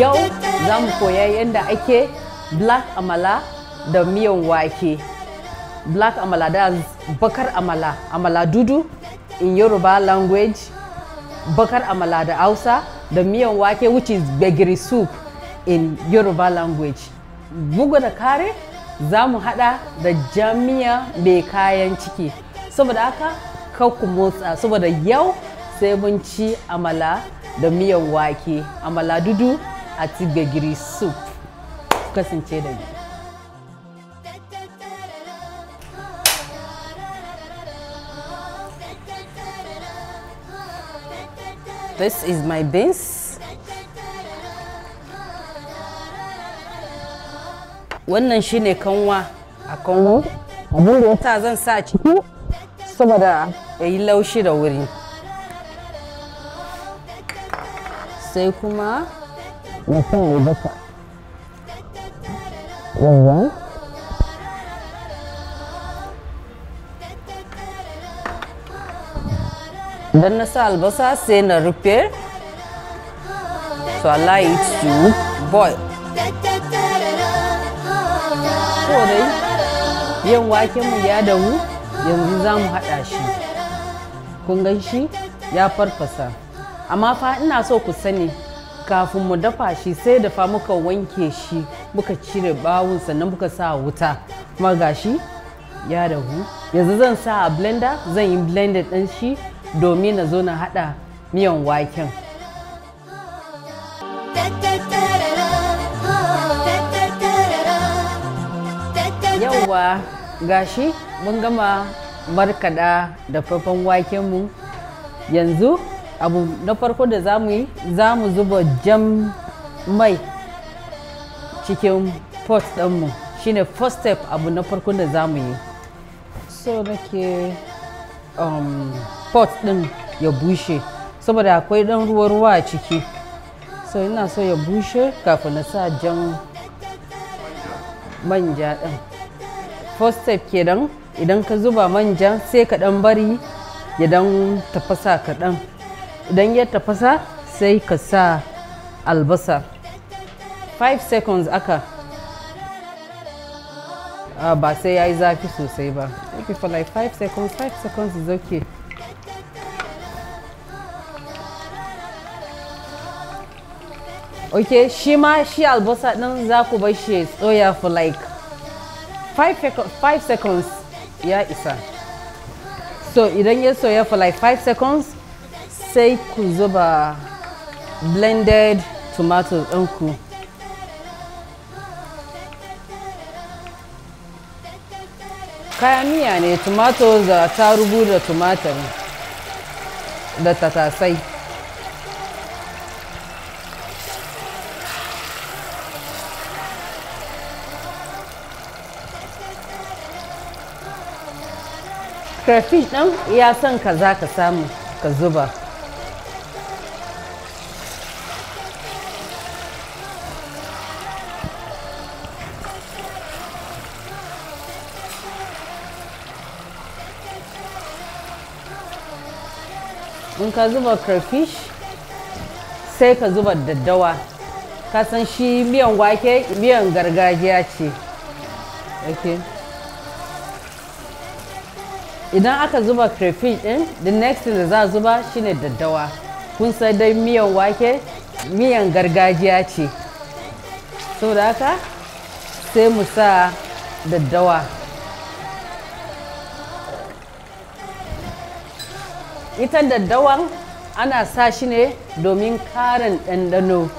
yau za mu koya ake black amala da miyan wake black amala da bakar amala amala dudu in yoruba language bakar amala da hausa da miyan wake which is gbegiri soup in yoruba language bugu da kare za mu hada da jamiya mai kayan ciki saboda haka ku motsa saboda yau sai mun ci amala da miyan wake amala dudu a gbegiri soup kasance da ni This is my beans. Wannan shine kanwa a kanwa. Abin da ya zan sa ciki saboda ya yi laushi da wuri. Sai kuma na albasa. don na sa albasa sai na rufe to allow to boil ko dai yin wakenmu ya dahu yanzu za mu haɗa shi kun gan shi ya farfasa amma fa ina so ku sani kafin mu dafa shi sai dafa muka wanke shi muka cire bawun sannan muka sa wuta kuma gashi ya dahu yanzu zan sa a blender zan yi blended ɗin shi domin na zo na haɗa miyan waken yauwa gashi mun gama markada da faifan wakenmu yanzu abu na farko da za mu yi za mu zuba jam mai cikin pot ɗinmu shine first step abu na farko da za mu yi so nake um, pot din ya bushe saboda akwai dan ruwa-ruwa a ciki so ina so ya bushe kafin na sa jan manja din first step kenan idan ka zuba manja sai ka dan bari ya dan tafasa kaɗan idan ya tafasa sai ka sa albasa 5 seconds aka ah, ba sai ya yi zafi sosai ba okay for like 5 seconds 5 seconds is okay ok shi ma shi albasa ɗin za ku bar shi tsoya for like 5 seconds ya isa so idan ya soya for like 5 seconds sai ku zuba blended tomatoes ɗinku kayan miya ne tomatoes da tarugu da tumatir da tatasai crayfish ɗan ya son ka za ka samu ka zuba in ka zuba crayfish sai ka zuba daddawa ka san shi miyan wake miyan gargajiya ce okay. idan aka zuba crayfish din the next thing da za a zuba shine daddawa kun sai dai miyan wake miyan gargajiya ce saboda haka sai mu sa daddawa ita daddawan ana sa shi ne domin karin ɗanɗano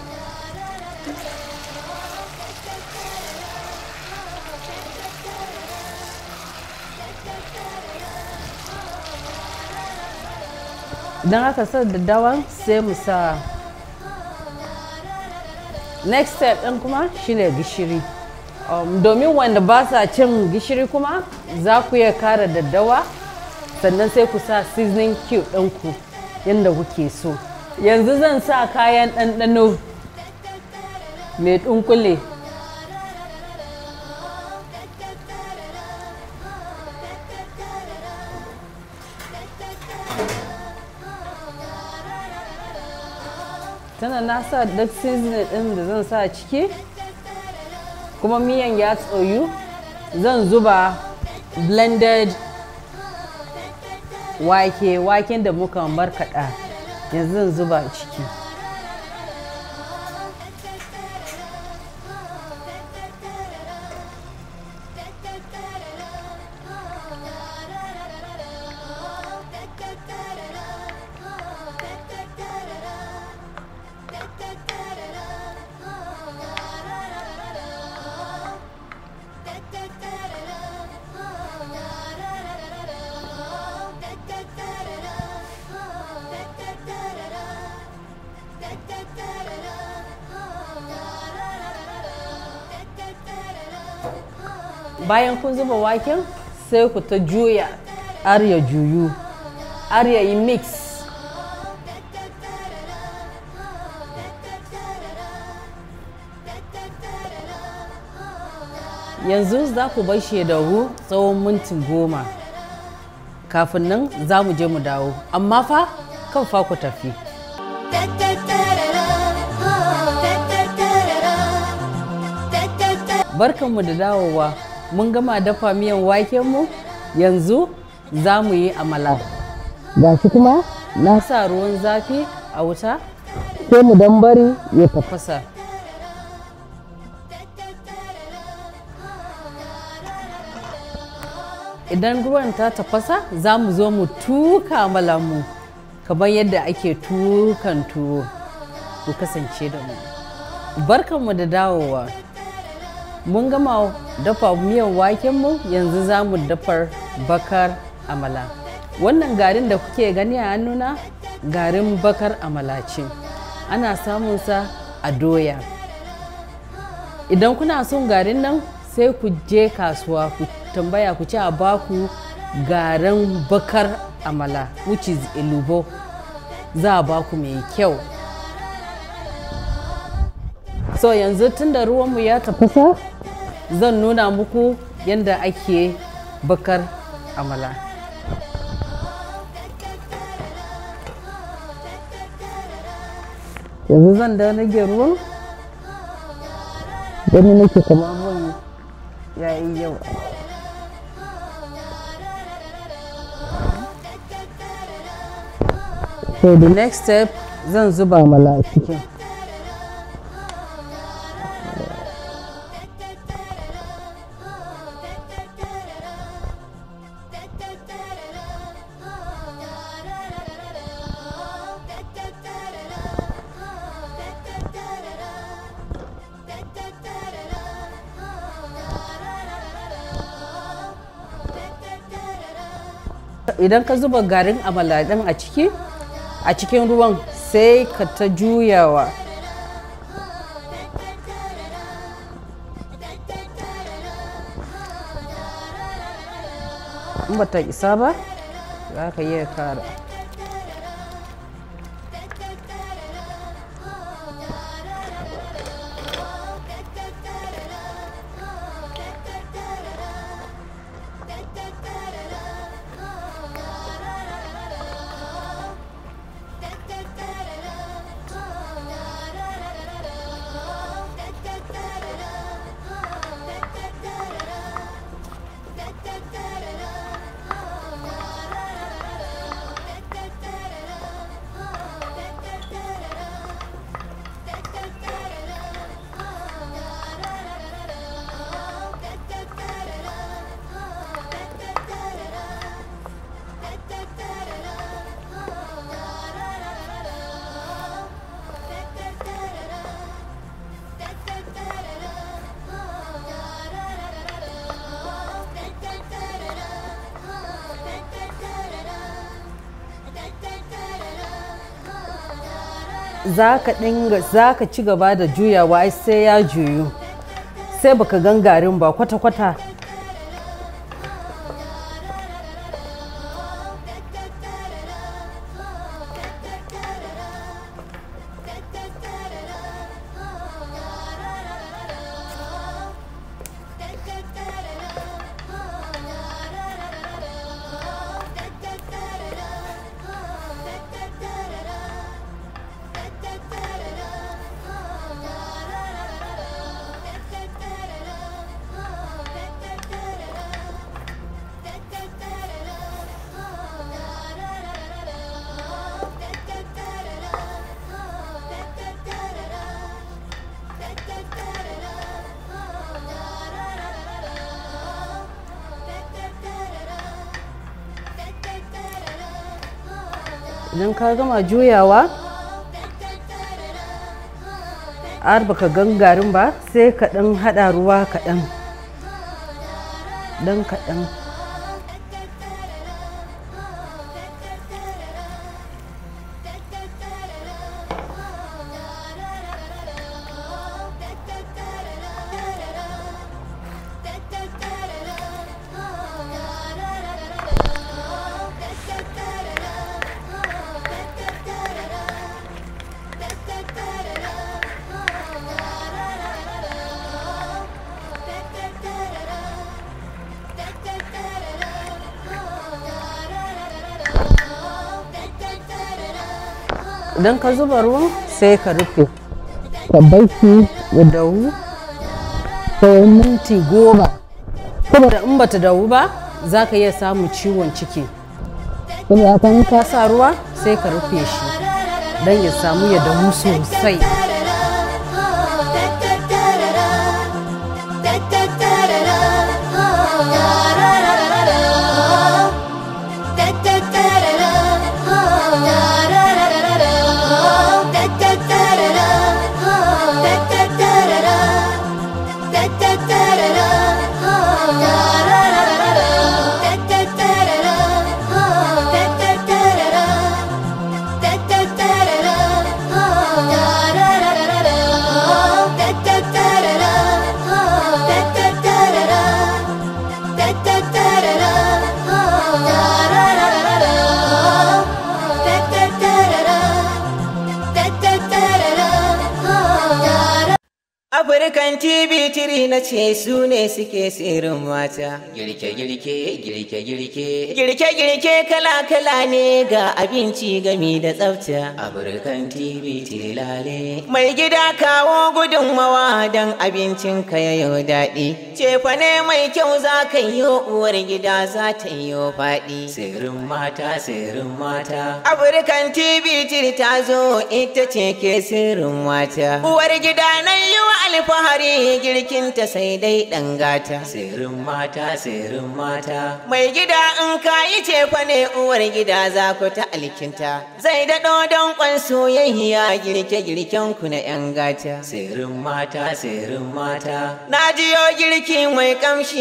don haka sa daddawa sai mu sa next step ɗin kuma shine gishiri um, domin wanda ba sa cin gishiri kuma za ku iya kara daddawa sannan sai ku sa seasoning cube ɗinku yadda kuke so yanzu zan sa kayan ɗanɗano mai ɗunkule tana na sa duk seasoning din da zan sa ciki kuma miyan ya tsoyu zan zuba blended wake waken da muka markaɗa yanzu zan zuba ciki bayan kun zuba waken sai ku ta juya arya ya juyu arya yi mix yanzu za ku bar shi tsawon minti goma kafin nan za mu je mu dawo amma fa kan fa ku tafi barkanmu da dawowa mun gama dafa miyan waken mu yanzu za mu yi amala ga shi kuma na sa ruwan zafi a wuta sai mu dan bari ya tafasa idan ruwan ta tafasa za mu zo mu tuka amalanmu kamar yadda ake tukan tuwo ku kasance da mu barkanmu da dawowa mun gama dafa miyan waken mu yanzu za mu dafar bakar amala wannan garin da kuke gani a hannuna garin bakar amala ce ana samun sa a doya idan kuna son garin nan sai ku je kasuwa ku tambaya ku ci a baku garin bakar amala which is ilubo za a baku mai kyau so yanzu tunda ruwanmu ya tafasa zan nuna muku yadda ake bakar amala yanzu zan da rage ruwan gani nake kama ruwan yayi yau so the next step zan zuba mala cikin idan ka zuba garin amala a ciki a cikin ruwan sai ka ta juyawa in ba ta isa ba za ka iya kara za ka ci gaba da juyawa sai ya juyu sai baka gangarin ba kwata-kwata idan ka gama juyawa har baka gangarin ba sai ka ɗan haɗa ruwa kaɗan ɗan kaɗan idan ka zuba ruwan sai ka rufe ka baiki ya dawu sai minti goma da in bata dahu ba za ka iya samu ciwon ciki saboda ka sa ruwa sai ka rufe shi don ya samu ya dahu sosai Afirkan TV tiri na ce su ne suke sirrin mata. Girke-girke, girke-girke. Girke-girke kala-kala ne ga abinci gami da tsafta. Afirkan TV tiri lale. Mai gida kawo gudunmawa don abincin ka yayo daɗi. Cefane mai kyau za ka yi uwar gida za ta yi faɗi. Sirrin mata, sirrin mata. Afirkan TV tiri ta zo ita ce ke sirrin mata. Uwar gida nan yi alfahari girkinta sai dai ɗan gata. Sirrin mata, sirrin mata. Mai gida in kayi cefa ne uwar gida za ku ta alkinta. Zai daɗo don ƙwan soyayya girke-girken ku na ‘yan gata. Sirrin mata, sirrin mata. Na jiyo girki mai ƙamshi.